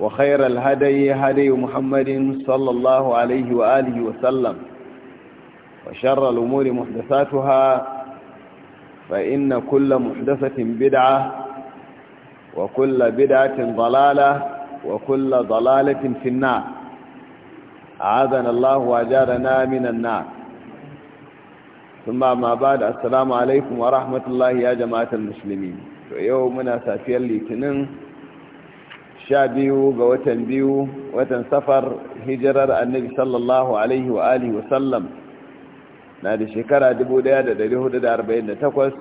وخير الهدي هدي محمد صلى الله عليه وآله وسلم وشر الأمور محدثاتها فإن كل محدثة بدعة وكل بدعة ضلالة وكل ضلالة في النار أعاذنا الله وأجارنا من النار ثم ما بعد السلام عليكم ورحمة الله يا جماعة المسلمين ويومنا سافيا لتنين sha biyu ga watan biyu watan safar hijirar annabi sallallahu alaihi wa alihi wasallam na da shekara 1448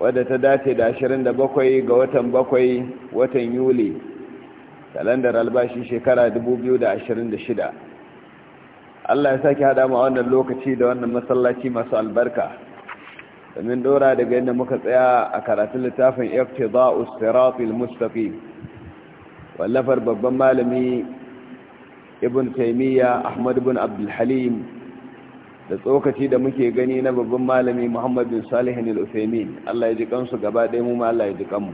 wadda ta dace da 27 ga watan bakwai watan yuli kalandar albashi shekara 2026 Allah ya sake hada a wannan lokaci da wannan masallaci masu albarka domin dora daga yadda muka tsaya a karatun littafin iftida'us siratul mustaqim wallafar babban malami ibn taimiyya ahmad ibn abdulhalim da tsokaci da muke gani na babban malami muhammad bin salihin al'ufemin allah ya ji kansu gaba ɗaya mu ma allah ya ji kanmu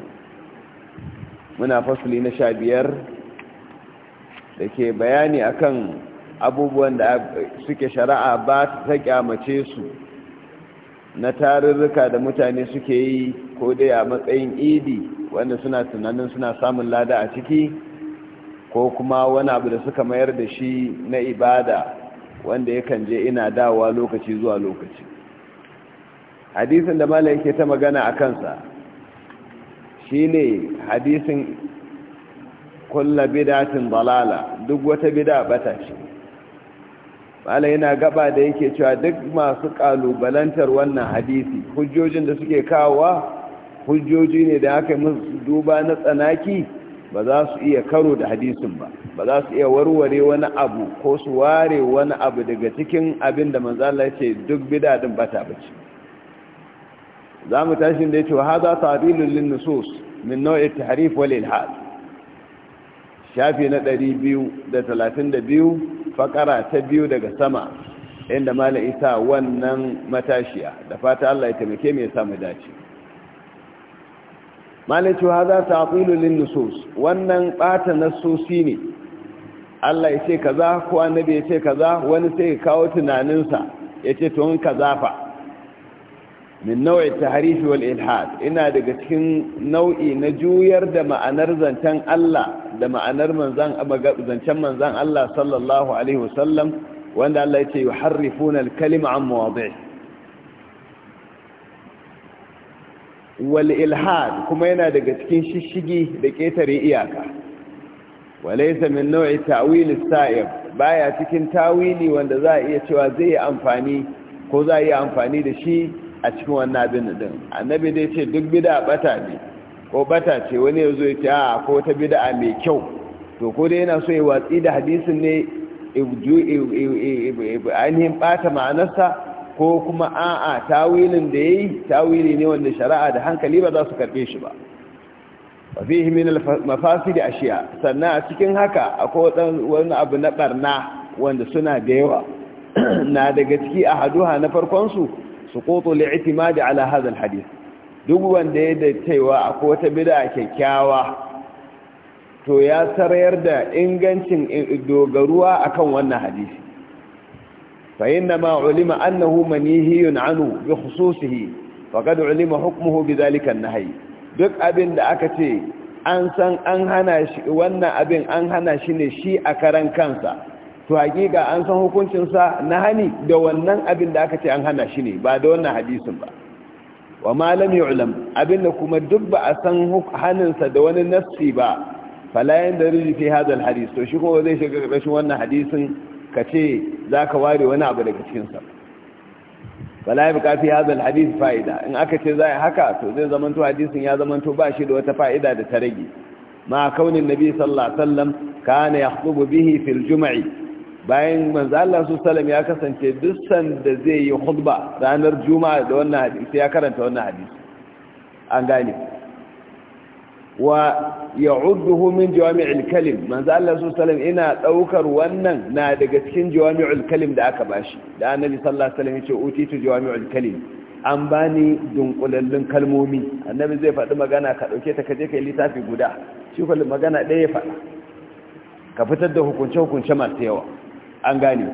muna fasuli na sha biyar da ke bayani akan abubuwan da suke shari'a ba ta kyamace su na tarurruka da mutane suke yi ko dai a matsayin idi wanda suna tunanin suna samun lada a ciki ko kuma wani abu da suka mayar da shi na ibada wanda yakan je ina dawa lokaci zuwa lokaci hadisin da malam yake ta magana a kansa shi ne hadisin kulla bidatin balala, duk wata bida bata ce malam yana gaba da yake cewa duk masu kalubalantar wannan hadisi hujjojin da suke kawowa hujjoji ne da aka musu duba na tsanaki ba za su iya karo da hadisin ba ba za su iya warware wani abu ko su ware wani abu daga cikin abin da manzala ce duk bidadin bata bace za mu tashin da ya ce za haza ta'dilun lin nusus min nau'i tahrif wal ilhad shafi na 232 fakara ta biyu daga sama inda mala isa wannan matashiya da fata Allah ya taimake mu ya samu dace malin cewa za ta nusus wannan bata nasosi ne Allah ya ce kaza ko annabi ya ce kaza wani sai ya kawo tunaninsa ya ce to in kaza fa min nau'i tahrifi wal ilhad ina daga cikin nau'i na juyar da ma'anar zancen Allah da ma'anar zancen manzan Allah sallallahu alaihi wasallam wanda Allah ya ce yuharrifuna al-kalima an mawadi'i wal kuma yana daga cikin shishigi da ƙetare iyaka walaisa min nau'i ta'wil sa'ib baya cikin tawili wanda za a iya cewa zai yi amfani ko za a yi amfani da shi a cikin wannan abin din annabi dai ce duk bid'a bata ne ko bata ce wani yanzu ya ce a ko ta bid'a mai kyau to ko dai yana so ya watsi da hadisin ne ainihin bata ma'anarsa ko kuma a'a tawilin da yayi tawili ne wanda shari'a da hankali ba za su karbe shi ba fa fihi min al-mafasid ashiya sannan a cikin haka akwai wani abu na barna wanda suna da yawa na daga ciki a haduha na farkon su suqutu li'timadi ala hadha al-hadith duk wanda ya da cewa akwai wata bid'a kyakkyawa to ya sarayar da ingancin eh, dogaruwa akan wannan hadisi فإنما علم أنه منيهي عنه بخصوصه فقد علم حكمه بذلك النهي duk abin da aka ce an san an hana shi wannan abin an hana shi ne shi a karan kansa to hakika an san hukuncinsa na hani da wannan abin da aka ce an hana shi ne ba da wannan hadisin ba wa malam yu'lam abin kuma duk ba a san haninsa da wani nassi ba fala yan da rujufi hadal hadis to shi kuma zai shiga ƙarshen wannan hadisin ka ce za ka ware wani abu daga cikinsa wala ya bukafi azal hadis fa'ida in aka ce za a haka to zai zamanto hadisin ya zamanto ba shi da wata fa'ida da ta rage ma kaunin nabi Sallasallam alaihi wasallam kana yakhutubu bihi fil jum'i bayan manzo Allah su ya kasance duk sanda zai yi hudba ranar juma'a da wannan hadisi ya karanta wannan hadisi an gane wa ya'udduhu min jawami'il kalim manzo Allah sallallahu ina daukar wannan na daga cikin jawami'ul kalim da aka bashi da annabi sallallahu alaihi wasallam yace utitu jawami'ul an bani dunkulallun kalmomi annabi zai faɗi magana ka dauke ta kaje kai littafi guda shi kullum magana ɗaya faɗa ka fitar da hukunce hukunce masu yawa an gane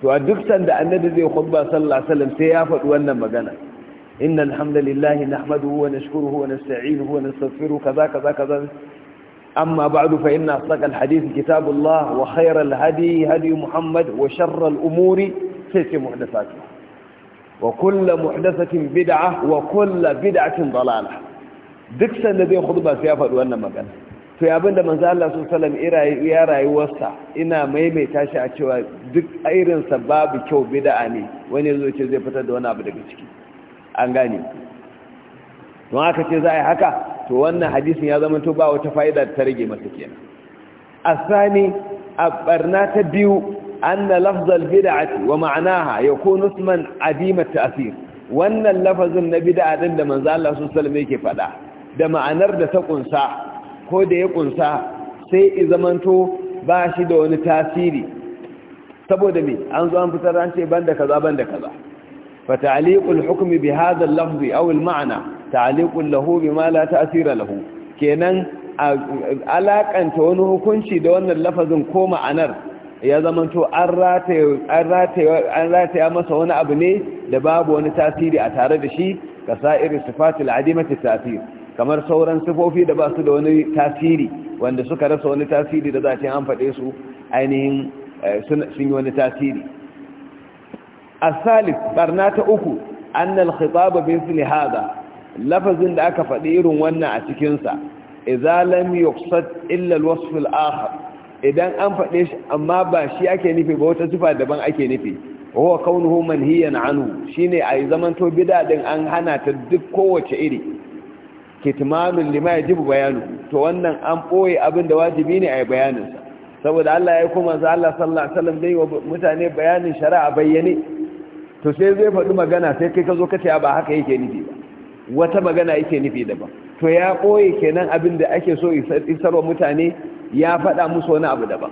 to a duk sanda annabi zai khutba sallallahu sai ya faɗi wannan magana إن الحمد لله نحمده ونشكره ونستعينه ونستغفره كذا كذا كذا أما بعد فإن أصدق الحديث كتاب الله وخير الهدي هدي محمد وشر الأمور ست محدثات وكل محدثة بدعة وكل بدعة ضلالة duk sanda zai hudu su ya faɗi wannan magana to abin da manzo Allah sallallahu ya rayuwarsa ina maimaita shi a cewa duk irin babu kyau bida'a ne wani yazo ce zai fitar da wani abu daga ciki an gane don haka ce za a yi haka to wannan hadisin ya zama to ba wata fa'ida ta rage masa kenan asani a barna ta biyu anna lafzal bid'ati wa ma'anaha yakunu isman adima ta'sir wannan lafazin na bid'a din da manzo Allah sallallahu alaihi wasallam yake faɗa da ma'anar da ta kunsa ko da ya kunsa sai i zamanto ba shi da wani tasiri saboda me an zo an fitar an ce banda kaza banda kaza فتعليق الحكم بهذا اللفظ أو ma'ana, تعليق له بما لا تأثير له كينان alaƙanta wani hukunci da wannan lafazin ko ma'anar ya zamanto an rataya masa wani abu ne da babu wani tasiri a tare da shi ga sa'irin sifatil adimati tasir kamar sauran sifofi da basu da wani tasiri wanda suka rasa wani tasiri da za a an faɗe su ainihin sun yi wani tasiri asalif barna ta uku annal khitaba bi misli hada lafazin da aka faɗi irin wannan a cikin sa idza lam yuqsad illa alwasf alakhar idan an faɗe shi amma ba shi ake nufi ba wata sifa daban ake nufi huwa kaunuhu manhiyan anhu shine ayi zaman to bid'a din an hana ta duk kowace iri kitmanul lima yajibu bayanu to wannan an boye abin da wajibi ne ai bayanin sa saboda Allah ya kuma manzo Allah sallallahu alaihi wasallam dai mutane bayanin shari'a bayyane to sai zai faɗi magana sai kai ka zo ka ce ba haka yake nufi ba wata magana yake nufi daban to ya ɓoye kenan abin da ake so isarwa mutane ya faɗa musu wani abu daban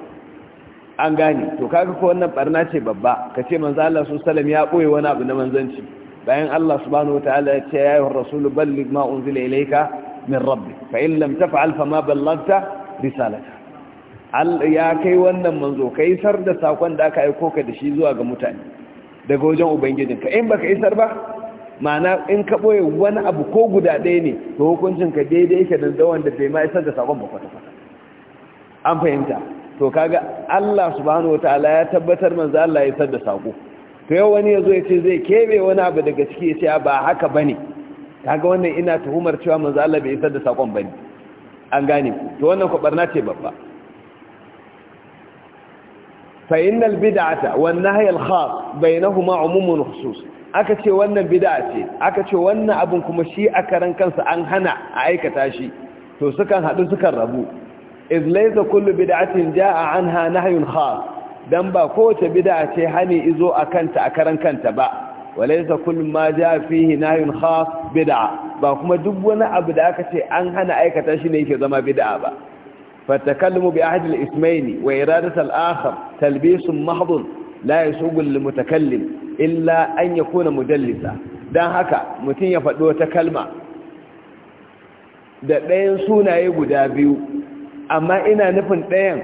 an gane to kaga ko wannan barna ce babba ka ce manzo Allah su sallam ya ɓoye wani abu na manzanci bayan Allah subhanahu wataala ya ce ya yi rasulu ballig ma unzila ilayka min rabbi fa in lam taf'al fa ma ballagta risalata ya kai wannan manzo kai sar da sakon da aka aiko ka da shi zuwa ga mutane daga wajen ubangijinka in baka isar ba Mana in ka boye wani abu ko guda ɗaya ne to hukuncinka daidai yake da dawon da bai ma isar da sakon ba kwata-kwata an fahimta to kaga Allah subhanahu wataala ya tabbatar manzo Allah ya isar da sako to yau wani yazo yace zai kebe wani abu daga ciki ya yace ba haka bane kaga wannan ina tuhumar cewa manzo Allah bai isar da sakon bane an gane to wannan kwabarna barna ce babba فإن البدعة والنهي الخاص بينهما عموم وخصوص aka ce wannan bid'a ce aka ce wannan abin kuma shi a karan kansa an hana a aikata shi to sukan hadu sukan rabu iz laysa kullu bid'atin jaa anha nahyun dan ba kowace bid'a ce hani izo akanta a karan kanta ba walaysa kullu ma jaa fihi nahyun khas bid'a ba kuma duk wani abu da aka ce an hana aikata shi ne yake zama bid'a ba فالتكلم بأحد الاسمين وإرادة الآخر تلبيس محض لا يسوق للمتكلم إلا أن يكون مدلسا dan haka mutum ya faɗi wata kalma da ɗayan sunaye guda biyu amma ina nufin ɗayan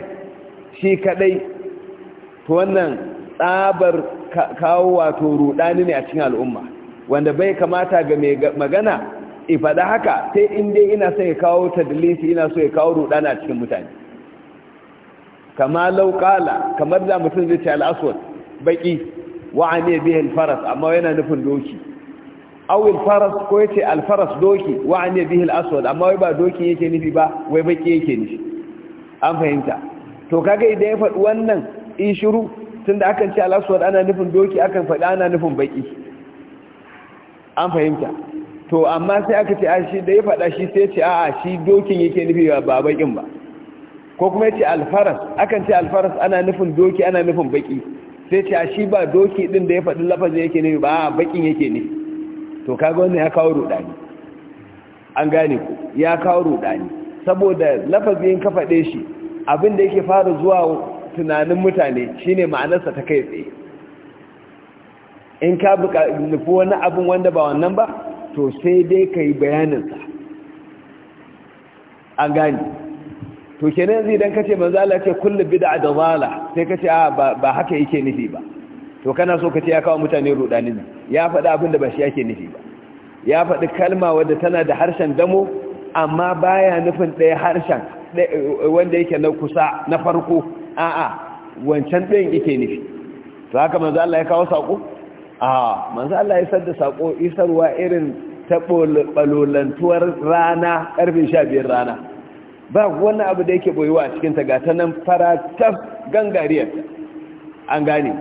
shi kaɗai ta wannan tsabar kawo wato ruɗani ne a cikin al'umma wanda bai kamata ga mai magana ifada haka sai in dai ina so ya kawo tadlisi ina so ya kawo rudana cikin mutane kama lauƙala kamar da mutum zai ce al'aswad baƙi wa'ane bihin faras amma yana nufin doki awil faras ko ya ce alfaras doki wa'ane bihin aswad amma wai ba doki yake nufi ba wai baƙi yake nufi an fahimta to kaga idan ya faɗi wannan in shiru tun da akan ce al'aswad ana nufin doki akan faɗi ana nufin baƙi an fahimta to amma sai aka ce a shi da ya faɗa shi sai ce a'a shi dokin yake nufi ba baƙin ba ko kuma ya ce alfaras akan ce alfaras ana nufin doki ana nufin baƙi sai ce a shi ba doki ɗin da ya faɗi lafazin yake nufi ba a baƙin yake ne to kaga wannan ya kawo ruɗani an gane ku ya kawo ruɗani saboda lafazin ka faɗe shi abin da yake fara zuwa tunanin mutane shine ma'anarsa ta kai tsaye in ka nufi wani abin wanda ba wannan ba to sai dai ka yi bayaninsa a gani to kenan zai don kace manzala ce kullum bida da zala sai kace a ah, ba haka yake nufi ba to kana so kace ya kawo mutane rudanin ya faɗi abinda ba shi yake nufi ba ya faɗi kalma wadda tana da harshen damo amma baya nufin ɗaya harshen wanda yake na kusa na farko a'a wancan ɗayan yake nufi to haka manzo Allah ya kawo saƙo, a manzo Allah ya sadda saƙo isarwa irin ta ɓalolantuwar rana ƙarfe sha biyar rana ba wani abu da yake boyewa a cikinta ga ta nan faratar gangariyar an gane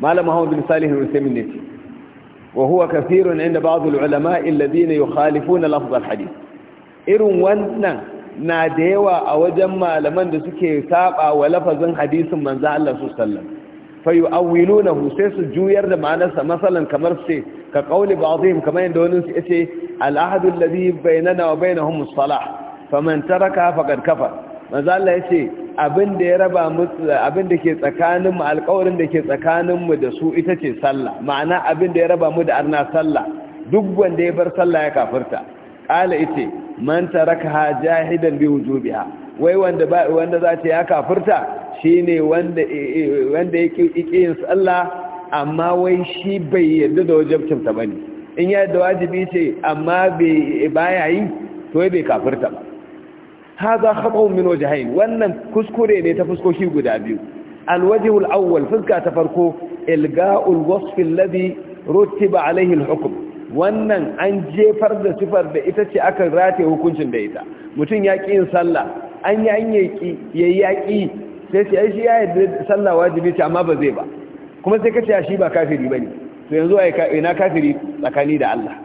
malam muhammadu bin salihu rusaimin ne ce wa huwa kafirun inda ba ba'dul ulama alladhina yukhalifuna lafz alhadith irin wannan na da yawa a wajen malaman da suke saba wa lafazin hadisin manzo Allah sallallahu alaihi fayu'awwilunahu sai su juyar da ma'anarsa masalan kamar ce ka qauli ba'dihim kamar yadda wani su yace al-ahadu alladhi bainana wa bainahum as-salah faman taraka faqad kafar manzo Allah yace abin da ya raba mu abin da ke tsakanin mu alƙawarin da ke tsakanin mu da su ita ce sallah ma'ana abin da ya raba mu da arna sallah duk wanda ya bar sallah ya kafirta qala ite man tarakaha jahidan bi wujubiha wai wanda wanda zata ya kafirta ne wanda ya yake yin sallah amma wai shi bai yadda da wajibcin ta bane in ya da wajibi ce amma bai baya yi to bai kafirta ba Ha hadha khata'un min wajhayn wannan kuskure ne ta fuskoki guda biyu alwajhul awwal fuska ta farko ilga'ul wasf alladhi ba alaihin hukum. wannan an jefar da sifar da ita ce aka rataye hukuncin da ita mutum ya ƙi yin sallah an yi an yaƙi ya yaƙi sai ce ai shi ya yadda sallah wajibi ce amma ba zai ba kuma sai ka ce shi ba kafiri bane to yanzu ai ina kafiri tsakani da Allah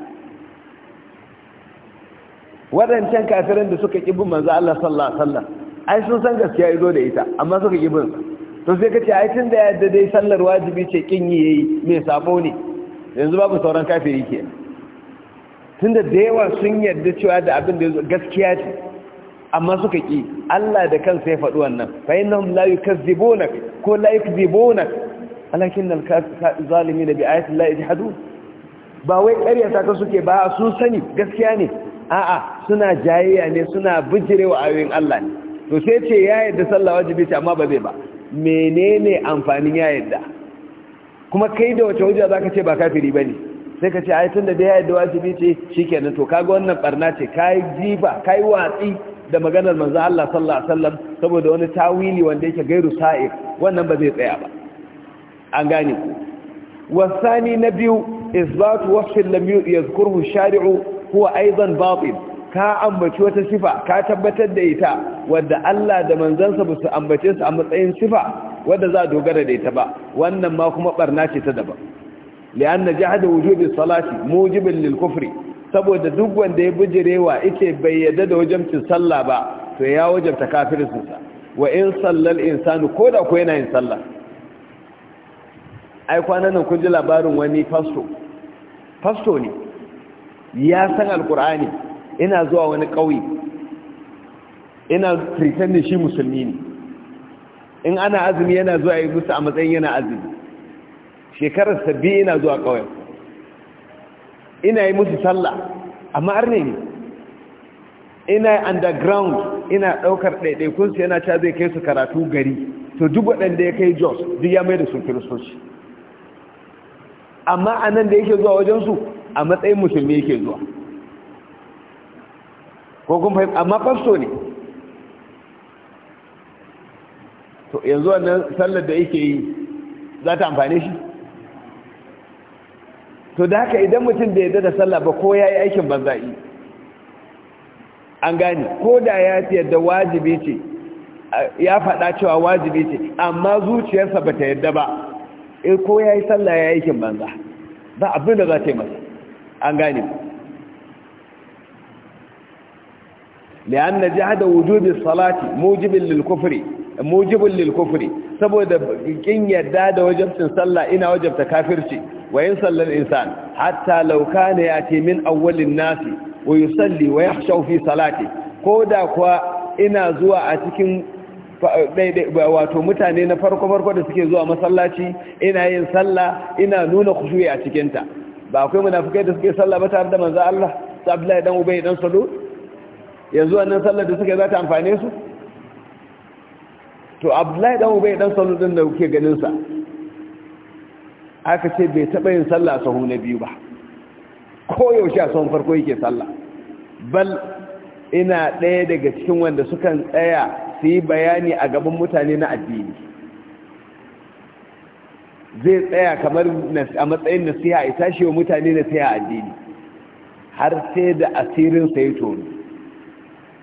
Waɗancan kafirin da suka kibin manzo Allah sallallahu alaihi wasallam ai sun san gaskiya izo da ita amma suka kibin to sai ka ce ai tun da ya yarda dai sallar wajibi ce kin yi yayi mai sabo ne yanzu babu sauran kafiri ke. tunda da yawa sun yarda cewa da abin da gaskiya ce amma suka ki Allah da kansa ya faɗi wannan fa innahum la yukazzibuna ko la yukzibuna alakin al-zalimin bi ayati Allah yajhadun ba wai ƙarya ta ka suke ba su sani gaskiya ne a'a suna jayayya ne suna bijirewa ayoyin Allah ne to sai ce ya yadda sallah wajibi ce amma ba zai ba menene amfanin ya yadda kuma kai da wace hujja zaka ce ba kafiri bane sai ka ce ai tunda da ya yadda wajibi ce shikenan to kaga wannan barna ce kai jiba kai watsi da maganar manzo Allah sallallahu alaihi wasallam saboda wani tawili wanda yake gairu sa'i wannan ba zai tsaya ba an gane wasani na biyu isbatu wasfin lam yadhkuruhu shari'u huwa aidan batil ka ambaci wata sifa ka tabbatar da ita wadda Allah da manzansa ba su ambace su a matsayin sifa wadda za a dogara da ita ba wannan ma kuma barna ce ta daban li'anna jahada wujubi salati mujibin lil kufri saboda duk wanda ya bujirewa yake bai yadda da wajabcin sallah ba to ya wajabta kafirinsa wa in sallal insanu ko da ko yana yin sallah ai kwana nan kun ji labarin wani fasto fasto ne ya san alkur'ani ina zuwa wani ƙauye ina pretending shi musulmi ne in ana azumi yana zuwa yi musu a matsayin yana azumi shekarar sabbi ina zuwa ƙauyen ina yi musu sallah amma arne ne ina yi underground ina daukar ɗaiɗaikunsu yana ca zai kai su karatu gari to duk waɗanda ya kai jos duk ya mai da su kiristoci amma a nan da yake zuwa wajensu a matsayin musulmi yake zuwa ko kun amma fasto ne to yanzu wannan sallar da yake yi za ta amfane shi to da haka idan mutum bai yadda da sallah ba ko ya yi aikin banza'i an gane ko da ya yadda wajibi ce ya faɗa cewa wajibi ce amma zuciyarsa ba ta yadda ba ko ya yi sallah ya yi aikin banza ba abin da za ta yi masa an gane li'anna jahada wujubi salati mujibin lil kufri mujibin lil kufri saboda kin yadda da wajabcin sallah ina wajabta kafirci wayin sallar insan hatta law ya ce min awwalin nasi wa yusalli wa yakhsha fi salati koda kuwa ina zuwa a cikin wato mutane na farko farko da suke zuwa masallaci ina yin sallah ina nuna khushu'i a cikin ta ba akwai munafikai da suke sallah ba tare da manzo Allah Abdullahi dan Ubay dan Salul yanzu wannan sallar da suke za ta amfane su to abdullahi dan ubai dan sallu din da kuke ganin sa aka ce bai taba yin sallah sahu na biyu ba ko yaushe a sahun farko yake sallah bal ina ɗaya daga cikin wanda sukan tsaya su yi bayani a gaban mutane na addini zai tsaya kamar a matsayin nasiha ya tashi wa mutane nasiha addini har sai da asirin sai tono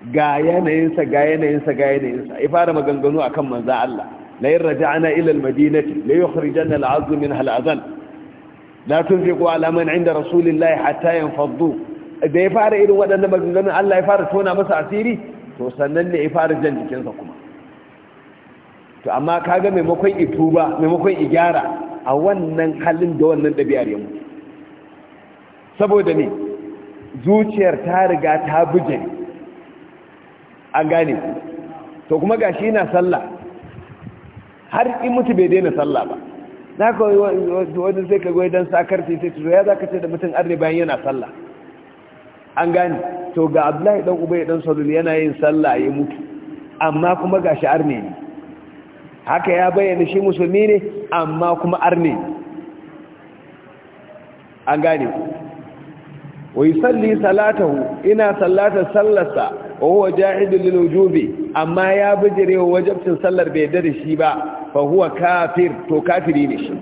ga yanayinsa ga yanayinsa ga yanayinsa ya fara maganganu akan manzo Allah la yin raja ila al-madinati la yukhrijanna al-'azmu min al-azan la tunfiqu ala man 'inda rasulillahi hatta yanfaddu da ya fara irin waɗannan maganganu Allah ya fara tona masa asiri to sannan ne ya fara jan jikinsa kuma to amma kaga maimakon ituba maimakon igyara a wannan halin da wannan ɗabi'ar ya mutu saboda ne zuciyar ta riga ta buje an gane to kuma gashi yana sallah har in mutu bai daina sallah ba na kawai wani sai ka goyi don sakar sai sai ya za ka ce da mutum arne bayan yana sallah an gane to ga abdullahi dan ubai dan salul yana yin sallah ya mutu amma kuma gashi arne ne haka ya bayyana shi musulmi ne amma kuma arne ne an gane wa salli salatahu ina sallatar sallarsa wa huwa jahidul lil wujubi amma ya bijire wajibcin sallar bai da shi ba fa huwa kafir to kafiri ne shi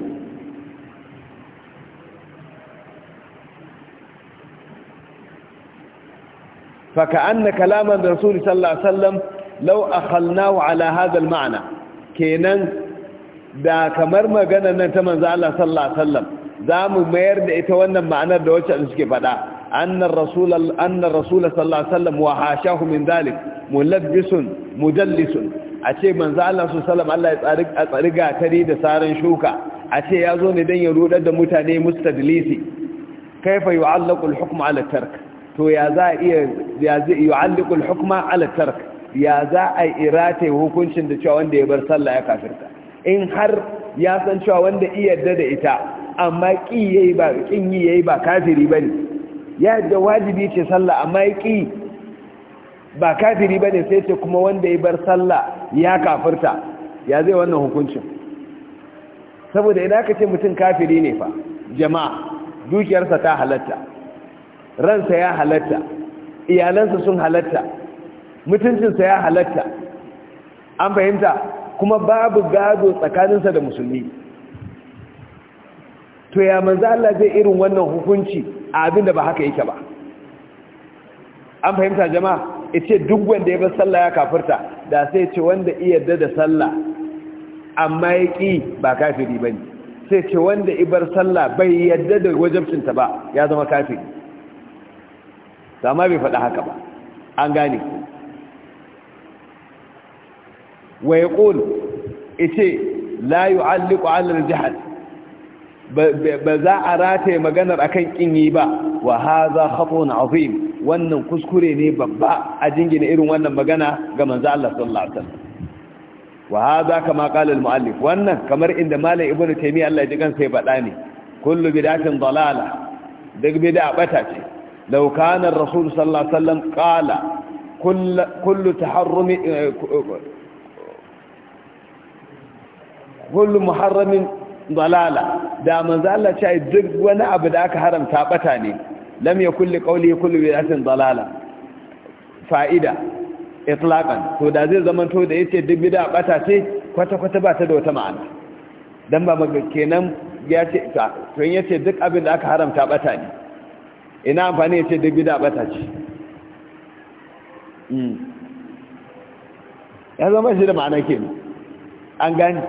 fa ka'anna kalaman rasul sallallahu alaihi wasallam ala hadha ma'na kenan da kamar maganar nan ta manzo sallallahu alaihi wasallam zamu mayar da ita wannan ma'anar da wacce suke faɗa أن الرسول, أن الرسول صلى الله عليه وسلم وحاشاه من ذلك ملبس مجلس أشي من ذا الله صلى الله عليه وسلم أطرق تريد سارا شوكا أشي يظن دين يرود متاني مستدليسي كيف يعلق الحكم على الترك تو يا ذا يعلق الحكم على الترك ya za a irate hukuncin da cewa wanda ya bar sallah ya kafirta in har ya san cewa wanda iya yarda da ita amma ƙin yi ba kafiri ba ne ya da wajibi ce sallah amma ya ba kafiri ba ne sai ce kuma wanda ya bar sallah ya kafirta ya zai wannan hukuncin saboda idan aka ce mutum kafiri ne fa jama'a dukiyarsa ta halatta ransa ya halatta iyalansa sun halatta mutuncinsa ya halatta an fahimta kuma babu gado tsakaninsa da musulmi to ya manzo Allah zai irin wannan hukunci a abin da ba haka yake ba an fahimta jama'a yace duk wanda ya bar sallah ya kafirta da sai ce wanda iya da sallah amma ya ba kafiri bane sai ce wanda ibar sallah bai yarda da wajabcinta ba ya zama kafiri sama bai faɗa haka ba an gane wa yaqul yace la yu'alliqu 'ala al jahl ba za a rataye maganar akan kinyi ba wa haza khatun azim wannan kuskure ne babba a jingina irin wannan magana ga manzo Allah sallallahu alaihi wasallam wa haza kama qala al muallif wannan kamar inda malam ibnu taymiya Allah ya ji kansa ya faɗa ne kullu bid'atin dalala duk bid'a bata ce law kana ar-rasul sallallahu alaihi wasallam qala kullu taharrumi eh, kullu muharramin dalala da manzo Allah ce duk wani abu da aka haramta bata ne lam yakul kulli qawli kullu bi'atin dalala fa'ida itlaqan to da zai zama to da yace duk bid'a bata ce kwata kwata ba ta da wata ma'ana dan ba maka kenan ya ce ta, to in yace duk abin da aka haramta bata ne ina amfani yace duk bid'a bata ce hmm. ya zama shi da ma'ana kenan an gani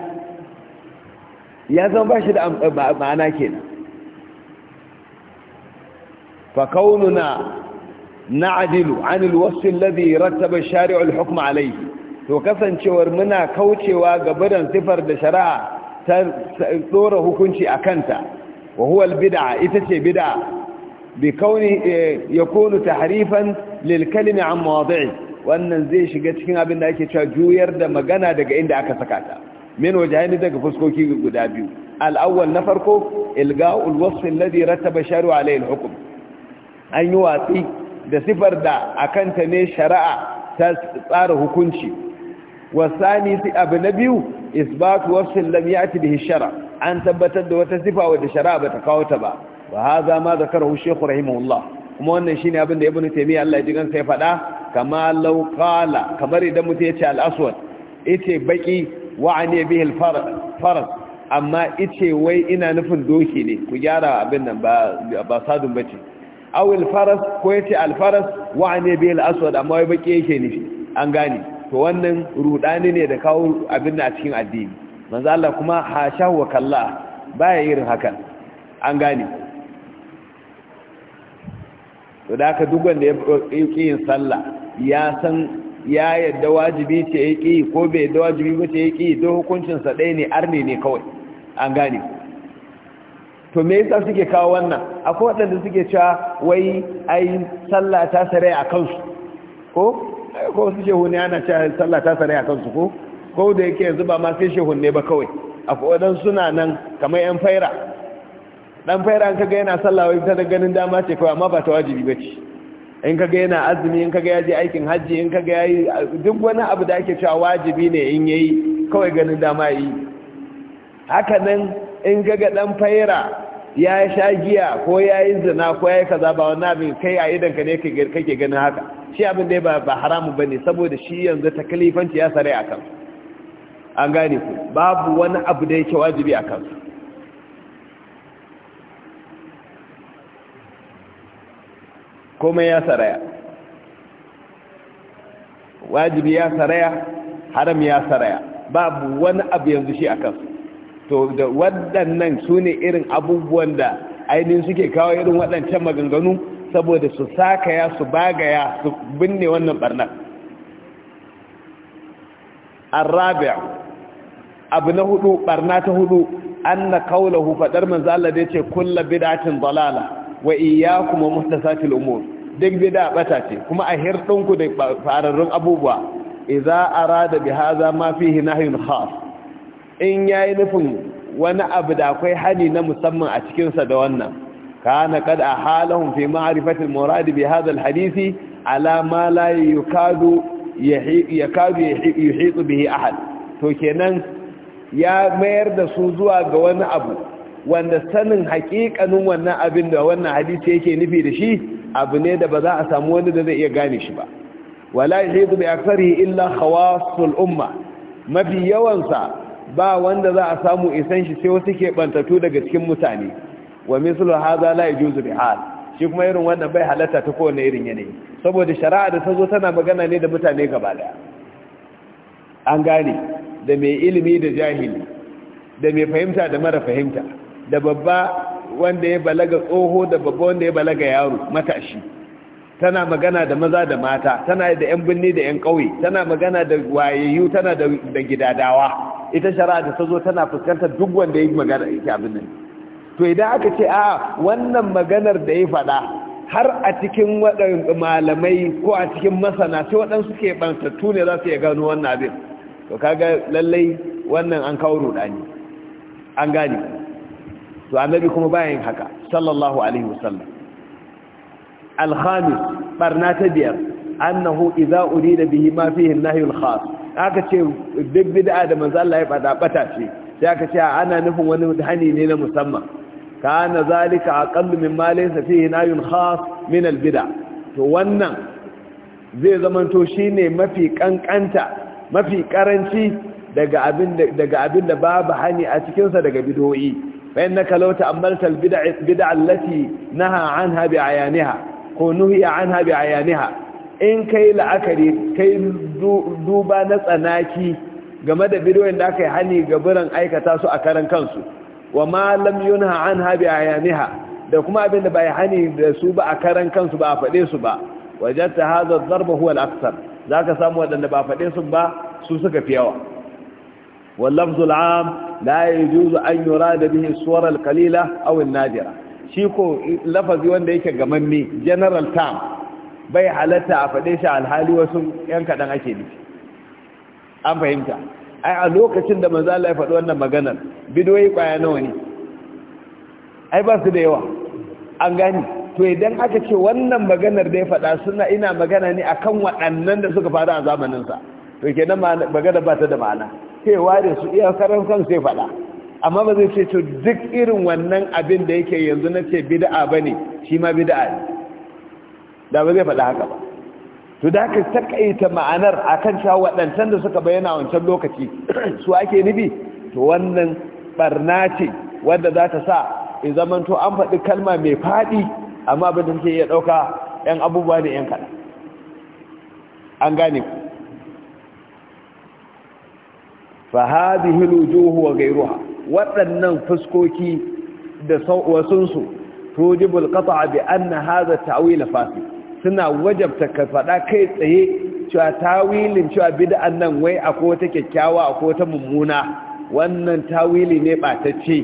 ya zama ba shi da ma'ana kenan fa kaununa na'dilu 'an al-wasf alladhi rattaba ash-shari'u al to kasancewar muna kaucewa gabaran sifar da shari'a ta dora hukunci akanta wa huwa al-bid'a ita ce bid'a bi kauni e, yakunu tahrifan lil kalimi 'an mawadi'i wannan zai shiga cikin abin da ake cewa juyar da magana daga inda aka saka ta min wajhayni daga fuskoki guda biyu al-awwal na farko ilga'ul wasf alladhi rattaba shar'u alayhi al-hukm an yi watsi da sifar da akan ta ne shari'a ta tsara hukunci wasani sai abu na biyu isbat wasf lam ya'ti bihi shara an tabbatar da wata sifa da shari'a bata kawo ta ba wa hadha ma zakarahu shaykh rahimahullah kuma wannan shine abin da ibnu taymiya Allah ya ji gansa ya faɗa kama qala kamar idan mutum ya ce al-aswad yace baki wa'ani bihi al amma ice wai ina nufin doki ne ku gyara abin nan ba ba sadun bace aw al-faras ko yace al-faras wa'ani bihi al amma wai baki yake ne an gane to wannan rudani ne da kawo abin a cikin addini manzo Allah kuma ha wa kalla baya irin hakan an gane to da aka duk da ya ƙi yin sallah ya san ya yadda wajibi ce ya ƙi ko bai yadda wajibi ba ce ya ƙi don hukuncinsa ɗaya ne arne ne kawai an gane to me yasa suke kawo wannan akwai waɗanda suke cewa wai ai sallah ta sare a kansu ko ko su shehu ne ana cewa sallah ta sare a kansu ko ko da yake yanzu ba ma sai shehu ne ba kawai akwai waɗansu suna nan kamar yan faira dan faira an kaga yana sallah wai ta ganin dama ce kawai amma ba ta wajibi ba ce in kaga yana azumi in kaga yaje aikin hajji in ka kaga yayi duk wani abu da ake cewa wajibi ne in yayi kawai ganin dama yi haka nan in kaga dan faira ya sha giya ko yayi zina ko yayi kaza ba wannan abin kai a idan ka ne kake ganin haka shi abin da ba ba haramu bane saboda shi yanzu takalifanci ya sare akan an gane ku babu wani abu da yake wajibi akan su komai ya saraya wajibi ya saraya haram ya saraya babu wani abu yanzu shi a kansu to da waɗannan su ne irin abubuwan da ainihin suke kawo irin waɗancan maganganu saboda su sakaya su bagaya su binne wannan barnar Rabi'a abu na hudu barna ta hudu an na faɗar manzala da ce kulla bidatin dalala wa iya kuma muhdathatil umur duk bid'a bata ce kuma a ku da fararrun abubuwa idza arada bi hadha ma fihi nahyun khas in yayi nufin wani abu da akwai hani na musamman a cikin sa da wannan kana kad ahalahum fi ma'rifati al-murad bi hadha al-hadisi ala ma la yukadu yakadu bihi ahad to kenan ya mayar da su zuwa ga wani abu wanda sanin haƙiƙanin wannan abin da wannan hadisi yake nufi da shi abu ne da ba za a samu wani da zai iya gane shi ba wala yahidu bi aktsari illa khawasul umma mafi yawansa ba wanda za a samu isan shi sai wasu ke bantatu daga cikin mutane wa mislu hadha la yujuzu bi hal shi kuma irin wannan bai halatta ta kowane irin yanayi saboda shari'a da ta zo tana magana ne da mutane gaba daya an gane da mai ilimi da jahili da mai fahimta da mara fahimta da babba wanda ya balaga tsoho da babba wanda ya balaga yaro matashi tana magana da maza da mata tana da 'yan binni da 'yan ƙauye tana magana da wayayyu tana da gidadawa ita shari'a da ta zo tana fuskantar duk wanda ya yi magana yake abin nan to idan aka ce a wannan maganar da ya faɗa har a cikin waɗansu malamai ko a cikin masana sai waɗansu ke ɓantattu ne za su iya gano wannan abin to kaga lallai wannan an kawo ruɗani an gane to annabi kuma bayan haka sallallahu alaihi wasallam al barna ta biyar annahu idza urida bihi ma fihi an-nahy al-khas aka ce duk bid'a da manzo Allah ya fada bata ce sai aka ce ana nufin wani hani ne na musamman kana zalika aqallu mimma laysa fihi nahy al-khas min al-bid'a to wannan zai zamanto shine mafi kankanta mafi karanci daga abin da babu hani a cikinsa daga bid'o'i فإنك لو تأملت البدع البدع التي نهى عنها بعيانها ko nuhiya anha bi ayaniha in kai la'akari kai duba na tsanaki game da bidiyoyin da aka yi hani ga biran aikata su a karan kansu wa ma lam yunha ayaniha da kuma abinda da bai hani da su ba a karan kansu ba a faɗe su ba wajatta hadha ad-darb huwa al-akthar zaka samu waɗanda ba faɗe su ba su suka fi yawa واللفظ العام لا يجوز أن يراد به الصور القليلة أو النادرة شيكو لفظ وانده يكا غممي جنرال تام bai halatta a faɗe shi alhali wasu ‘yan kaɗan ake nufi an fahimta ai a lokacin da manzo Allah ya wannan maganar bidoyi kwaya nawa ne ai ba su da yawa an gani to idan aka ce wannan maganar da ya faɗa suna ina magana ne akan waɗannan da suka faru a zamaninsa to kenan maganar ba da ma'ana sai ware su iya karan kan sai faɗa amma ba zai ce to duk irin wannan abin da yake yanzu na ce bid'a bane shi ma bid'a ne da ba zai fada haka ba to da ka takaita ma'anar akan cewa waɗancan da suka bayyana wancan lokaci su ake nufi to wannan barna ce wadda za ta sa in zamanto an faɗi kalma mai faɗi amma abin da ya ɗauka 'yan abubuwa ne 'yan kaɗan an gane ku fa hadhihi alwujuh wa ghayruha waɗannan fuskoki da wasunsu tujibul qat'a bi anna hadha ta'wil fasid suna wajabta ka faɗa kai tsaye cewa tawilin cewa bid'an nan wai akwai wata kyakkyawa akwai wata mummuna wannan tawili ne batacce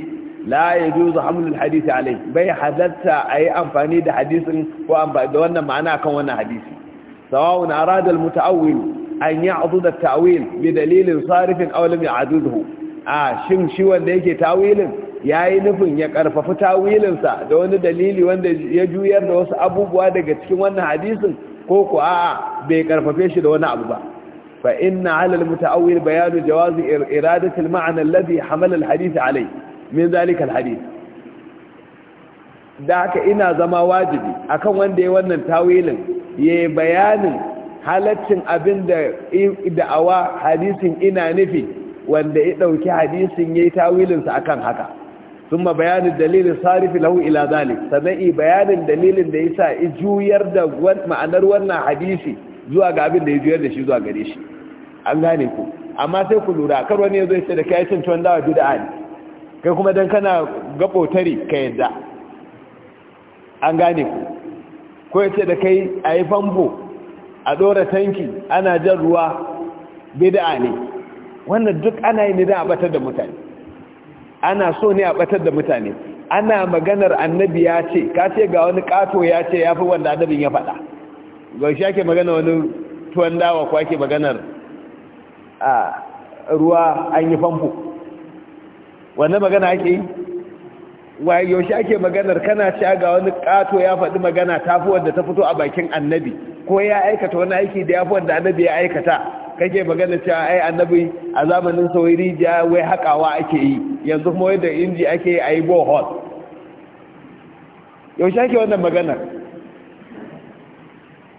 la yajuzu hamlul hadisi alai bai halatta ayi amfani da hadisin ko amfani da wannan ma'ana kan wannan hadisi sawa'un arada al muta'awwil an yi abuda ta'wil bi dalilin sarifin awlam ya azudu a shin shi wanda yake ta'wilin yayi nufin ya karfafi ta'wilinsa da wani dalili wanda ya juyar da wasu abubuwa daga cikin wannan hadisin ko ku a'a bai karfafe shi da wani abu ba fa inna 'ala al-muta'awwil bayanu jawazi iradati al-ma'na alladhi hamala al-hadith min zalika al-hadith da haka ina zama wajibi akan wanda ya wannan tawilin ya bayanin halaccin abin da da'awa hadisin ina nufi wanda ya ɗauki hadisin ya yi tawilinsa a kan haka sun bayanin dalilin sarifi lahu ila zalik sana'i bayanin dalilin da ya sa juyar da ma'anar wannan hadisi zuwa ga abin da ya juyar da shi zuwa gare shi an gane ku amma sai ku lura kar wani ya zo ya da kai cin tuwon dawa da ne kai kuma dan kana gaɓotari ka yadda an gane ku ko ya da kai a yi fambo a ɗora tanki ana jan ruwa bid'a ne wannan duk ana yi ne don a batar da mutane ana so ne a batar da mutane ana maganar annabi ya ce ka ce ga wani kato ya ce ya fi wanda adabin ya faɗa ga shi ake magana wani tuwon dawa ko ake maganar a ruwa an yi famfo wanda magana ake yi yaushe ake maganar kana sha ga wani kato ya faɗi magana ta fi wadda ta fito a bakin annabi ko ya aikata wani aiki da ya fi wanda annabi ya aikata kake magana cewa ai annabi a zamanin sauri rijiya wai hakawa ake yi yanzu kuma yadda inji ake yi a yi bohol yaushe ake wannan magana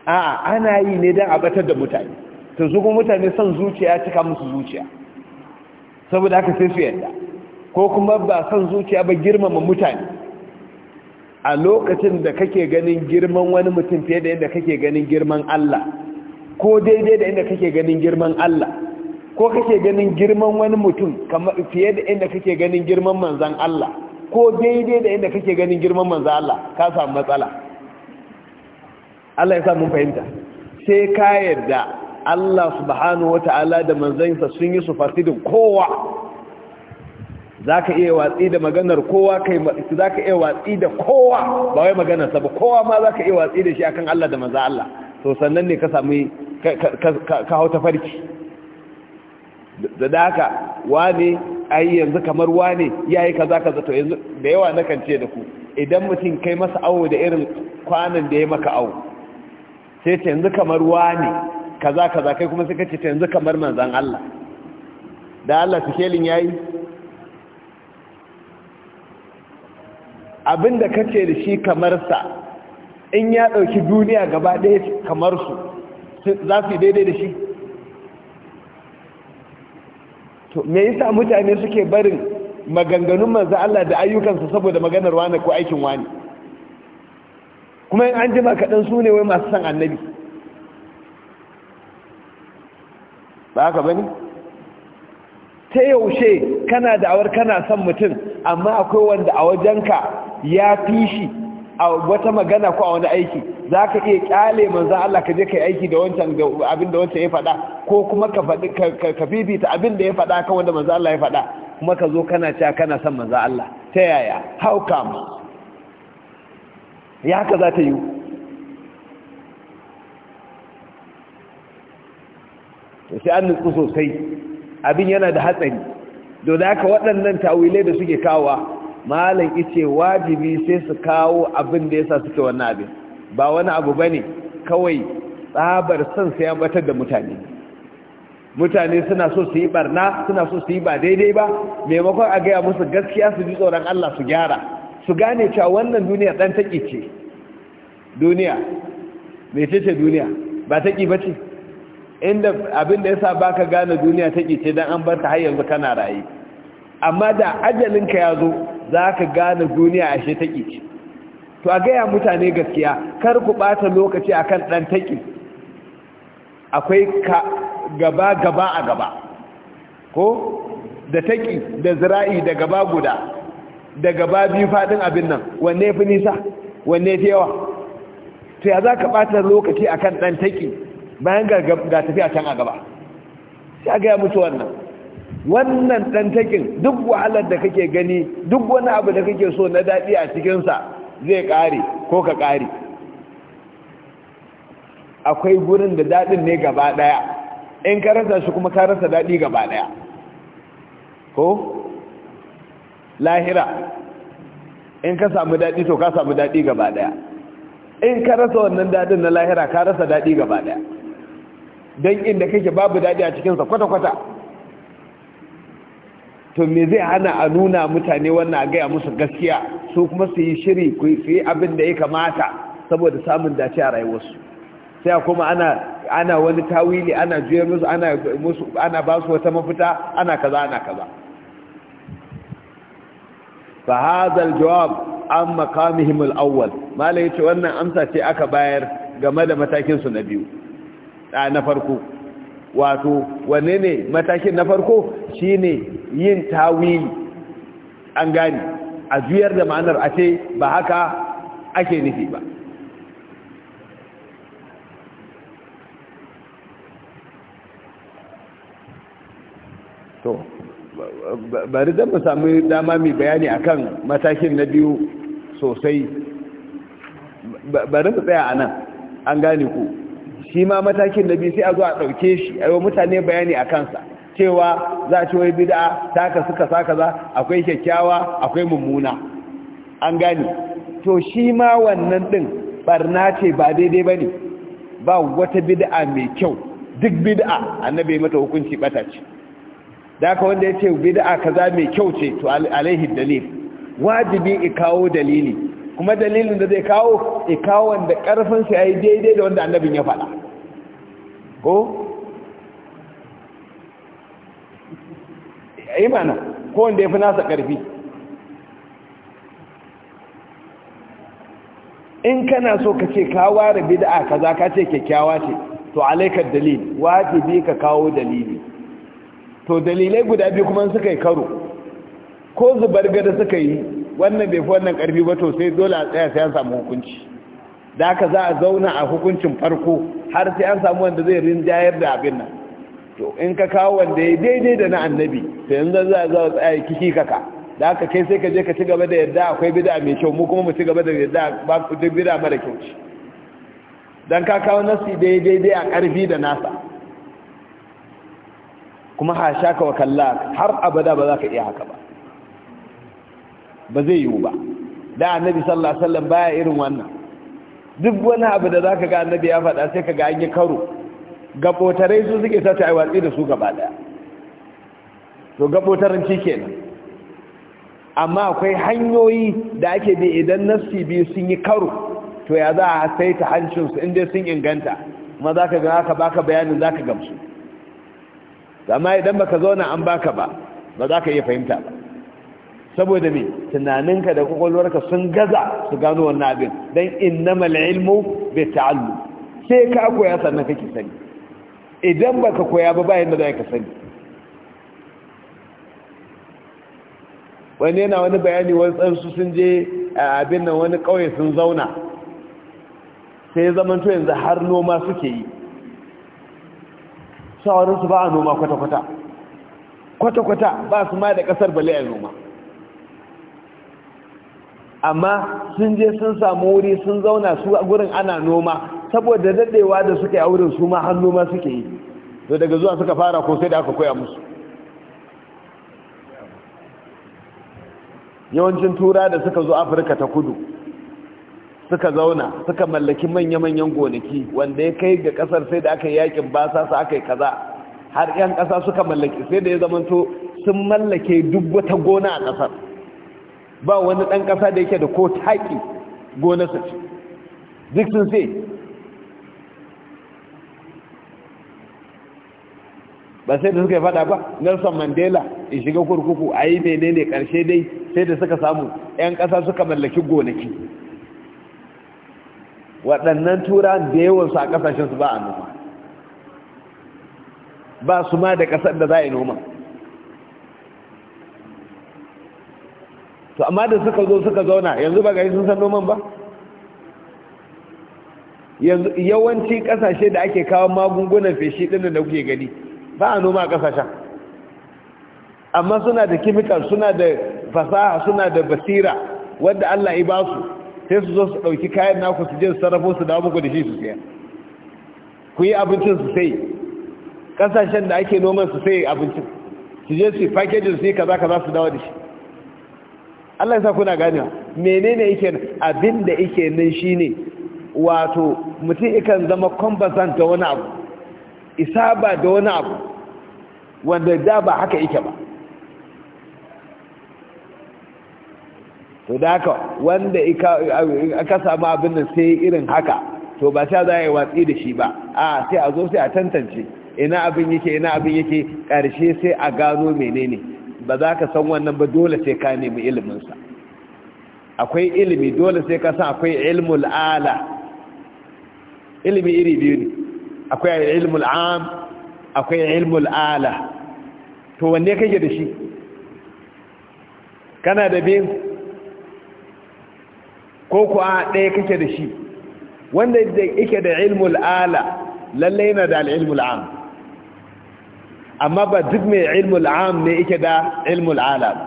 a ana yi ne don a batar da mutane ta kuma mutane son zuciya cika musu zuciya saboda haka sai su yadda ko kuma ba son zuciya ba girmama mutane a lokacin da kake ganin girman wani mutum fiye da yadda kake ganin girman Allah ko daidai da inda kake ganin girman Allah ko kake ganin girman wani mutum fiye da inda kake ganin girman manzan Allah ko daidai da inda kake ganin girman manzan Allah ka samu matsala Allah ya sa mun fahimta sai ka yarda Allah subhanahu wata'ala da manzansa sun yi su fasidin kowa za ka iya watsi da maganar kowa kai za ka iya watsi da kowa ba wai maganar ba kowa ma za ka iya watsi da shi akan Allah da maza Allah to sannan ne ka sami ka hau ta farki da daka wane ai yanzu kamar wane yayi kaza kaza to yanzu da yawa na kance da ku idan mutum kai masa awo da irin kwanan da ya maka awo sai ce yanzu kamar wane kaza kaza kai kuma sai ka ce yanzu kamar manzan Allah da Allah ya yayi abinda kace da shi kamar sa in ya dauki duniya gaba ɗaya kamar su za su daidai da shi to me yasa mutane suke barin maganganun manzo Allah da ayyukansa saboda maganar wani ko aikin wani kuma in an jima kaɗan su wai masu san annabi ba haka ba ta yaushe kana da kana son mutum amma akwai wanda a wajenka ya fi shi a wata magana ko a wani aiki za ka iya kyale manzan Allah ka je ka yi aiki da wancan abin da wancan ya faɗa ko kuma ka fifita abin da ya faɗa kan wanda manzan Allah ya faɗa kuma ka zo kana cewa kana son manzan Allah ta yaya how come ya haka za ta yi sai an nutsu sosai abin yana da hatsari don haka waɗannan tawilai da suke kawa malam ice wajibi sai su kawo abin da yasa suke wannan abin ba wani abu bane kawai tsabar son sai an batar da mutane mutane suna so su yi barna suna so su yi ba daidai ba maimakon a gaya musu gaskiya su ji tsoron Allah su gyara su gane cewa wannan duniya dan take ce duniya me ce duniya ba take bace inda abin da yasa baka gane duniya take ce dan an bar ta har yanzu kana rayi amma da ajalinka ya zo za ka gane duniya ashe taƙi ce to a gaya mutane gaskiya kar ku ɓata lokaci a kan ɗan taƙi akwai gaba gaba a gaba ko da taƙi da zira'i da gaba guda da gaba biyu faɗin abin nan wanne fi nisa wanne fi yawa to ya za ka ɓata lokaci a kan ɗan taƙi bayan ga tafiya can a gaba sai a gaya mutu wannan wannan ɗantakin duk wahalar da kake gani duk wani abu da kake so na daɗi a cikinsa zai ƙare ko ka ƙare akwai gurin da daɗin ne gaba ɗaya in ka rasa shi kuma ka rasa daɗi gaba ɗaya ko lahira in ka samu daɗi to ka samu daɗi gaba ɗaya in ka rasa wannan daɗin na lahira ka rasa daɗi gaba ɗaya don inda kake babu daɗi a cikinsa kwata-kwata to me zai hana a nuna mutane wannan gaya musu gaskiya su kuma su yi shiri su yi abin da ya kamata saboda samun dace a rayuwarsu sai kuma ana wani tawili ana juya musu ana basu ba su wata mafita ana kaza ana kaza fa hadha aljawab an maqamihim Awwal. malai yace wannan amsa ce aka bayar game da matakin su na biyu na farko wato wane ne matakin na farko Shi ne yin tawi an gane a juyar da ma'anar a ce ba haka ake nufi ba to bari zan mu sami dama mai bayani akan matakin na biyu sosai bari mu tsaya a nan an gane ku shi ma matakin na biyu sai a zo a ɗauke shi a yi mutane bayani a kansa cewa za a ce bida ta ka suka sa kaza akwai kyakkyawa akwai mummuna an gani to shi ma wannan ɗin barna ce ba daidai ba ne ba wata bid'a mai kyau duk bid'a annabi mata hukunci bata ce da wanda ya ce bid'a kaza mai kyau ce to alaihi dalil wajibi i kawo dalili kuma dalilin da zai kawo ya kawo wanda ƙarfinsa ya yi daidai da wanda annabin ya faɗa ko? yi mana ko wanda ya fi nasa ƙarfi in kana so ka ce ka ware bid'a kaza ka ce kyakkyawa ce to alaikar dalil wajibi ka kawo dalili to dalilai guda biyu kuma suka yi karo ko zubar gada suka yi wannan bai fi wannan karfi ba to sai dole a tsaya sai an samu hukunci da ka za a zauna a hukuncin farko har sai an samu wanda zai rinjayar da abin nan to in ka kawo wanda ya daidai da na annabi sai yanzu za a a tsaya kiki kaka da ka kai sai ka je ka ci gaba da yadda akwai bida mai kyau mu kuma mu ci gaba da yadda ba ku duk bida mara kyau ce dan ka kawo nasi daidai dai a karfi da nasa kuma hasha ka wa kalla har abada ba za ka iya haka ba ba zai yiwu ba da annabi sallallahu alaihi wasallam baya irin wannan duk wani abu da zaka ga annabi ya faɗa sai kaga an yi karo gabotarai su suke sace ai watsi da su gaba daya to gabotarin ci kenan amma akwai hanyoyi da ake bi idan nafsi biyu sun yi karo to ya za a saita hancin su inda sun inganta kuma zaka ga haka baka bayanin zaka gamsu amma idan baka zauna an baka ba ba za ka iya fahimta ba saboda me tunaninka da kwakwalwarka sun gaza su gano wannan abin don innamal ilmu bai ta'allu sai ka koya sannan kake sani idan baka koya ba bayan da za ka sani wani yana wani bayani wani tsansu sun je a abin nan wani kauye sun zauna sai to yanzu har noma suke yi shawarinsu ba a noma kwata-kwata kwata-kwata ba su ma da kasar bale a noma amma sun je sun samu wuri sun zauna su a gurin ana noma saboda dadewa da suka yi a wurin su ma har noma suke yi to daga zuwa suka fara ko sai da aka koya musu yawancin tura da suka zo afirka ta kudu suka zauna suka mallaki manya-manyan gonaki wanda ya kai ga ƙasar sai da aka yi yakin basa su aka yi kaza har 'yan ƙasa suka mallaki sai da ya zamanto sun mallake duk wata gona a ƙasar. ba wani ɗan ƙasa da yake da ko taƙi gonarsa ce duk sun sai ba sai da suka yi fada ba nelson mandela in shiga kurkuku a yi menene ƙarshe dai sai da suka samu 'yan ƙasa suka mallaki gonaki waɗannan tura da yawansu a ƙasashensu ba a noma ba su ma da ƙasar da za a yi noma to amma da suka zo suka zauna yanzu ba gari sun san noman ba yanzu yawanci kasashe da ake kawo magungunan feshi din da kuke gani ba a noma a kasashen amma suna da kimikal suna da fasaha suna da basira wanda Allah ya ba su sai su zo su dauki kayan naku su je su sarrafo su dawo muku da shi su sayar ku yi abincin su sai kasashen da ake noman su sai abincin su je su yi packaging su yi kaza kaza su dawo da shi Allah ya sa kuna gane menene yake abinda yake nan shine wato mutum ikan zama conversant da wani abu isaba da wani abu wanda da ba haka yake ba to da haka wanda aka samu abin nan sai irin haka to ba sai za a yi watsi da shi ba a sai a zo sai a tantance ina abin yake ina abin yake ƙarshe sai a gano menene ba za ka san wannan ba dole sai ka nemi iliminsa akwai ilimi dole sai ka san akwai ilmul ala ilimi iri biyu ne akwai ilmul am akwai ilmul ala to wanne kake da shi kana da biyu ko kuwa ɗaya kake da shi wanda yake da ilmul ala lallai yana da ilmul am amma ba duk mai ilmul am ne yake da ilmul alam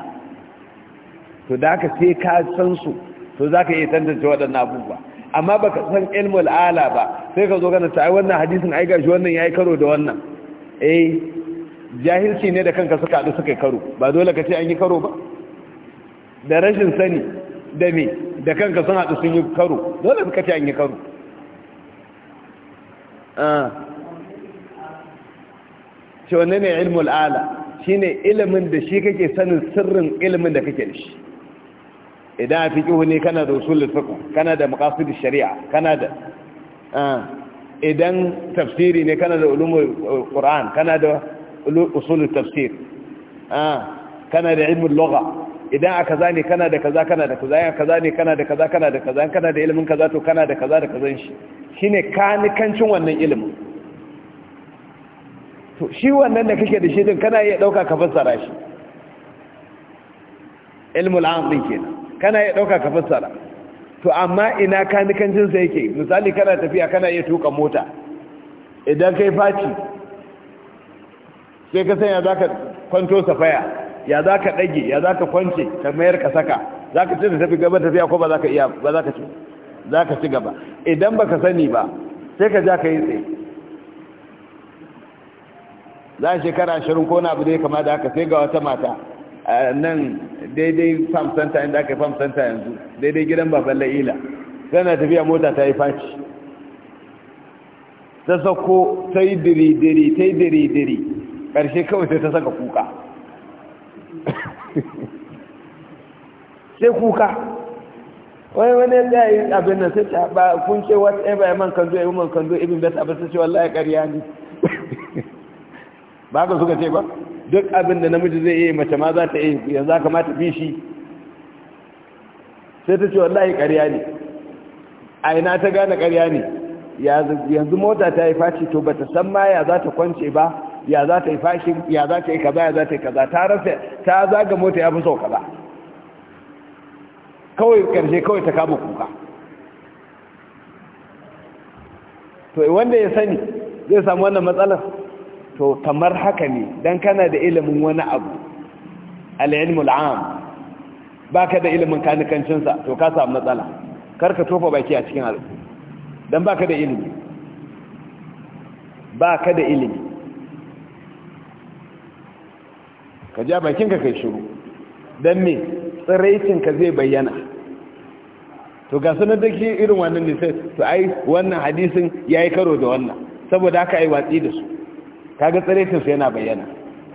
to da ka sai ka san su to za ka iya tantance waɗannan abubuwa amma ba ka san ilmul ala ba sai ka zo kana ta ai wannan hadisin ai gashi wannan yayi karo da wannan eh jahilci ne da kanka suka haɗu suka karo ba dole ka ce an yi karo ba da rashin sani da me da kanka sun haɗu sun yi karo dole ka ce an yi karo ah. cewa ne ilmul ala shine ilimin da shi kake sanin sirrin ilimin da kake da shi idan a fiƙihu ne kana da usulul fiqh kana da maqasid shari'a kana da idan tafsiri ne kana da ulumul qur'an kana da usul tafsir kana da ilmul lugha idan aka zane kana da kaza kana da kaza yan kaza ne kana da kaza kana da kaza kana da ilimin kaza to kana da kaza da kazan shi shine kanikancin wannan ilimin to shi wannan da kake da shi din kana iya dauka ka fassara shi ilmul am kenan kana iya dauka ka fassara to amma ina jin sai yake misali kana tafiya kana iya tuka mota idan kai faci sai ka sanya zaka kwanto safaya ya zaka dage ya zaka kwance ka mayar ka saka zaka tafi da tafi gaba tafiya ko ba zaka iya ba zaka ci zaka ci gaba idan baka sani ba sai ka ja ka yi tsaye za a shekara ashirin ko na abu da ya kama da haka sai ga wata mata a nan daidai farm center inda aka yi farm center yanzu daidai gidan babban la'ila tana tafiya mota ta yi faci ta sako ta yi diri-diri ta yi diri-diri ƙarshe kawai sai ta saka kuka sai kuka wani wani ya yi abin nan sai ta ba kunce whatever ya man zo ya yi man zo ibin bata abin sai wallahi ƙarya ne ba ka suka ce ba duk abin da namiji zai yi mace ma za ta yi yanzu aka mata bi shi sai ta ce wallahi ƙarya ne a ina ta gane ƙarya ne yanzu mota ta yi fashi to ba ta san ma ya za ta kwance ba ya za ta yi fashi ya za ta yi kaza ya za ta yi kaza ta rasa ta zaga mota ya fi sauka kaza kawai ƙarshe kawai ta kama kuka to wanda ya sani zai samu wannan matsalar to kamar haka ne don kana da ilimin wani abu al-ilmul am ba ka da ilimin kanikancinsa to ka samu matsala kar ka tofa baki a cikin alku don ba ka da ilimi ba ka da ilimi ka ja bakinka kai shiru don me tsiraicinka zai bayyana to ga sunan da ke irin wannan ne sai to ai wannan hadisin ya yi karo da wannan saboda haka ai watsi da su kaga tsiraitin su yana bayyana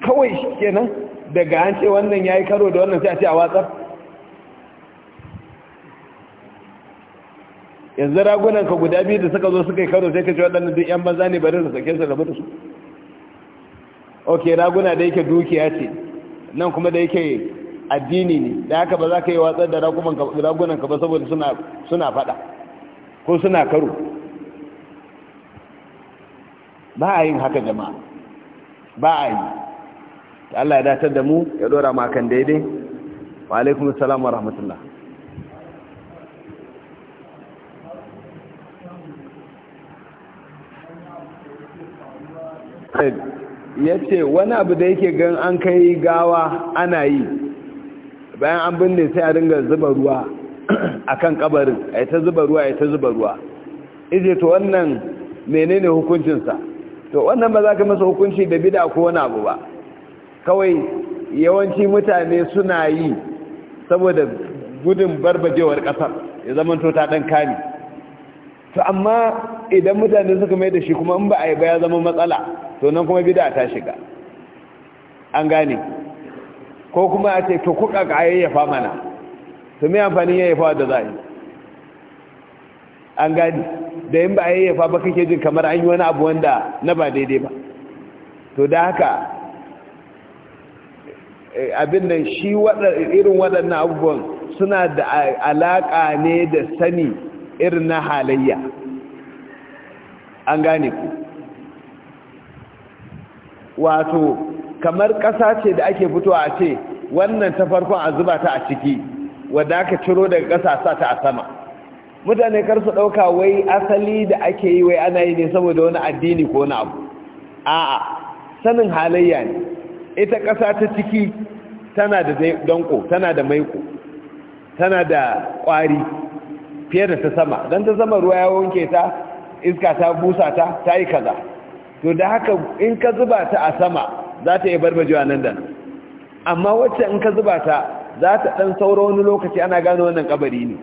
kawai shi kenan daga an ce wannan yayi karo da wannan sai a ce a watsar yanzu ragunan ka guda biyu da suka zo suka yi karo sai ka ce waɗannan duk yan banza ne bari su sake su rabu da su ok raguna da yake dukiya ce nan kuma da yake addini ne da haka ba za ka yi watsar da ragunan ka ba saboda suna fada ko suna karo ba a yin haka jama'a ba a yi ta Allah ya datar da mu ya dora makon daidai wa alaikun salam wa rahmatullah ya ce wani abu da yake gan an kai gawa ana yi bayan an binne sai a dinga zuba ruwa a kan kabarin a yi ta zuba ruwa a yi ta zuba ruwa ije to wannan menene hukuncinsa to wannan ba za ka masa hukunci da bida ko wani abu ba kawai yawanci mutane suna yi saboda gudun barbajewar kasar ya to ta dan kani to amma idan mutane suka mai da shi kuma in ba a yi ba ya zama matsala to nan kuma bida ta shiga an gane ko kuma a ce to kuka ka yayyafa mana to me amfani yayyafa da za a yi an gane da yin ba a yayyafa ba kake jin kamar an yi wani abu wanda na ba daidai ba to da haka eh, abin nan shi irin waɗannan abubuwan suna da alaƙa ne da sani irin na halayya an gane ku wato kamar ƙasa ce da ake fitowa a ce wannan ta farkon a zuba ta a ciki wadda aka ciro daga ƙasa sa ta a sama mutane kar su ɗauka wai asali da ake yi wai ana yi ne saboda wani addini ko na abu a'a sanin halayya ne ita ƙasa ta ciki tana da danko tana da maiko tana da ƙwari fiye da ta sama don ta sama ruwa ya wanke ta iska ta busa ta ta yi kaza to da haka in ka zuba ta a sama za ta yi barbajewa nan da amma wacce in ka zuba ta za ta ɗan sauro wani lokaci ana gano wannan kabari ne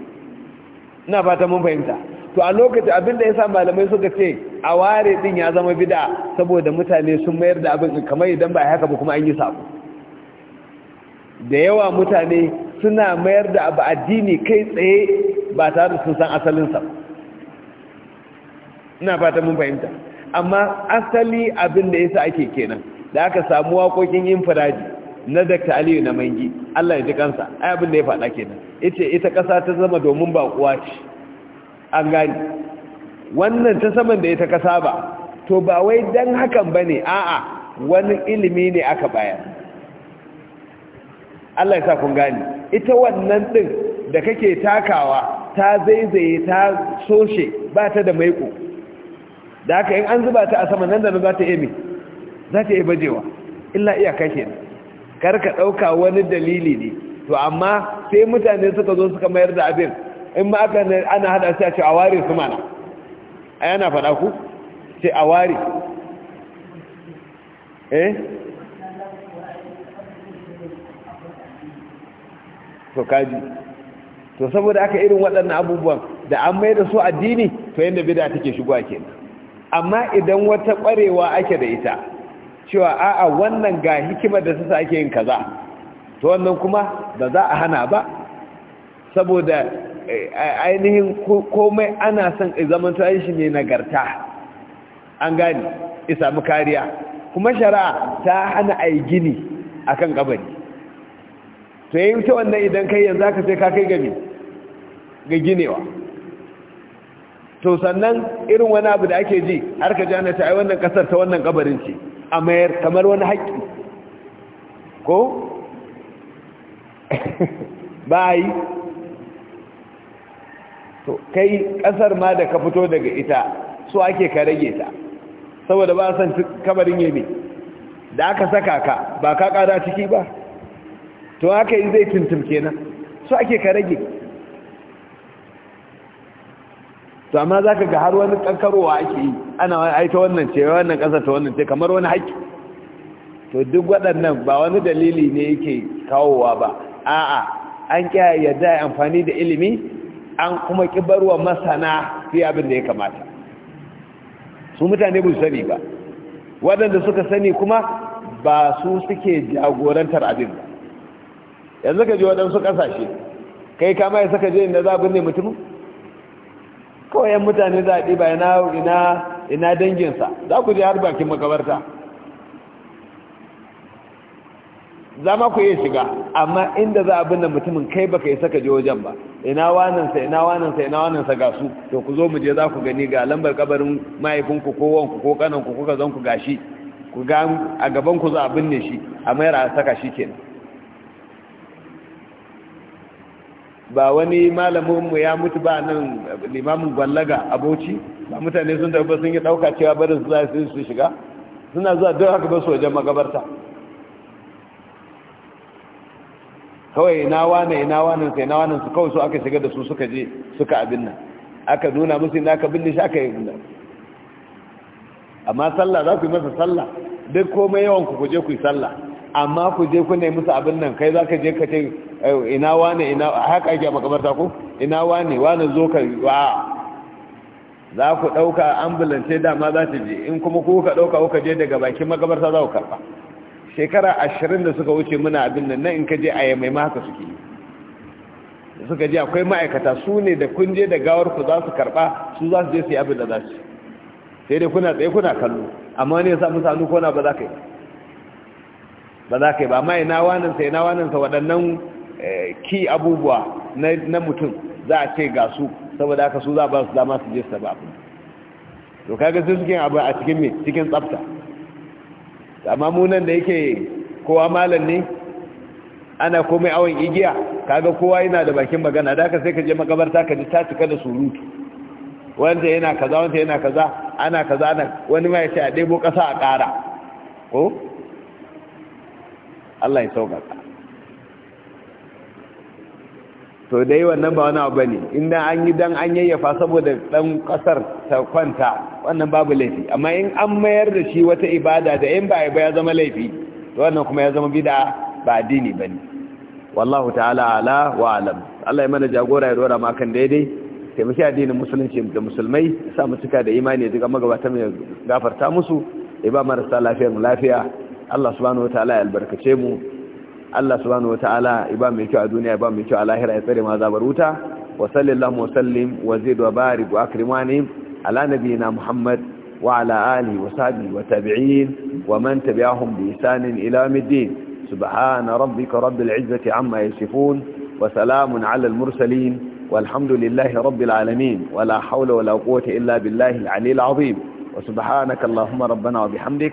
ina fata mun fahimta to a lokaci abinda yasa malamai suka ce a ware din ya zama bid'a saboda mutane sun mayar da abin kamar idan ba haka ba kuma an yi sabo da yawa mutane suna mayar da abu addini kai tsaye ba tare da sun san asalin sa ina fata mun fahimta amma asali abin da yasa ake kenan da aka samu waƙoƙin yin firaji na dakta Aliyu na Mangi Allah ya ji kansa ai abin da ya faɗa kenan yace ita ƙasa ta zama domin ba kuwa ce an gani wannan ta saman da ita ƙasa ba to ba wai dan hakan bane a'a wani ilimi ne aka bayar Allah ya sa kun gani ita wannan din da kake takawa ta zaizaye ta soshe ba ta da maiko da haka in an zuba ta a sama nan da za ta yi iya za ta yi bajewa illa iyaka kenan karka ɗauka wani dalili ne to amma sai mutane suka zo suka mayar da abin in ma aka ana hada sai a ce a ware su mana a yana faɗa ku ce a ware eh to kaji to saboda aka irin waɗannan abubuwan da an mai da su addini to yadda bida take shigowa kenan amma idan wata ƙwarewa ake da ita cewa a'a wannan ga hikimar da sasa ake yin kaza to wannan kuma ba za a hana ba saboda eh, ainihin komai ana son zaman shi ne nagarta an gani isa kariya kuma shari'a ta hana a gini a kan to yi ta wannan idan kai yanzu aka sai ka kai gami ga ginewa to sannan irin wani abu da ake ji har ka janata, ta ai wannan kasar ta wannan kabarin ce a mayar kamar wani haƙƙi ko ba yi to kai ƙasar ma da ka fito daga ita so ake ka rage ta saboda ba san yi yabe da aka saka ka ba ka ƙara ciki ba to haka yi zai tuntum kenan so ake ka rage to amma za ka ga har wani kankarowa ake yi ana aita wannan ce wannan ƙasa ta wannan ce kamar wani haƙƙi to duk waɗannan ba wani dalili ne yake kawowa ba a'a an kya yadda ya amfani da ilimi an kuma kibarwa masana fi abin da ya kamata su mutane ba su sani ba waɗanda suka sani kuma ba su suke jagorantar abin ba yanzu ka je waɗansu ƙasashe kai kama ya saka je inda za a binne mutumin kawai yan mutane za a ɗiba ina danginsa za ku je har bakin makabarta za ma ku iya shiga amma inda za a binne mutumin kai baka yi saka je wajen ba ina wanansa ina wanansa ina wanansa ga su to ku zo mu je za ku gani ga lambar kabarin mahaifinku ko wanku ko kananku ko ku gashi ku ga a gaban ku za a binne shi a mayar a saka shi kenan ba wani malaminmu ya mutu ba nan limamin gwallaga aboci ba mutane sun tafi sun yi ɗauka cewa barin su za su shiga suna zuwa duk haka ba su wajen magabarta kawai na wane na wane sai na wane su kawai su aka shiga da su suka je suka abin nan aka nuna musu ina ka binne shi aka yi guda amma sallah za ku yi masa sallah duk komai yawan ku kuje ku yi sallah amma ku je ku nemi musu abin nan kai za ka je ka ce eh, ina wane ina haka ake a makamarta ku ina wane wane zo ka wa za ku ɗauka ambulance dama za ta je in kuma ku ka ɗauka kuka je daga bakin makamarta za ku karɓa shekara ashirin da suka wuce muna abin nan nan in ka je a yamai ma haka suke yi suka ji akwai ma'aikata su ne da kun je da gawar ku za su karɓa su za su je su yi abin da za su sai dai kuna tsaye kuna kallo amma ne ya sa musu hannu kona ba za ka yi ba za ka yi ba amma ina waninsa ina waninsa waɗannan eh, ki abubuwa na mutum za a ce ga su saboda haka su za ba su dama su je su ba to kaga sun suke abu a cikin me cikin tsafta amma mu nan da yake kowa malam ne ana komai awon igiya kaga kowa yana da bakin magana da haka sai ka je makabarta ka ji ta cika da surutu wanda yana kaza wanda yana kaza ana kaza ana wani ma ya ce a ɗebo ƙasa a ƙara ko Allah ya sauƙaƙa to dai wannan ba wani abu bane inda an yi dan an yayyafa saboda ɗan kasar ta kwanta wannan babu laifi amma in an mayar da shi wata ibada da in ba ya zama laifi to wannan kuma ya zama bid'a ba addini bane wallahu ta'ala ala wa alam Allah ya mana jagora ya dora makan daidai taimaki addinin musulunci da musulmai sa mu cika da imani da magabata mu gafarta musu ya ba marasa lafiyar mu lafiya Allah subhanahu wataala ya albarkace mu Allah subhanahu wataala ya ba kyau a duniya ya ba kyau a lahira ya tsare ma zabar wuta wa sallallahu wa sallim wa zid wa barik wa akrimani ala nabiyina Muhammad wa ala alihi wa sahbihi wa tabi'in wa man tabi'ahum bi ihsan ila yawmiddin subhana rabbika rabbil izzati amma yasifun wa salamun ala mursalin والحمد لله رب العالمين ولا حول ولا قوة إلا بالله العلي العظيم وسبحانك اللهم ربنا وبحمدك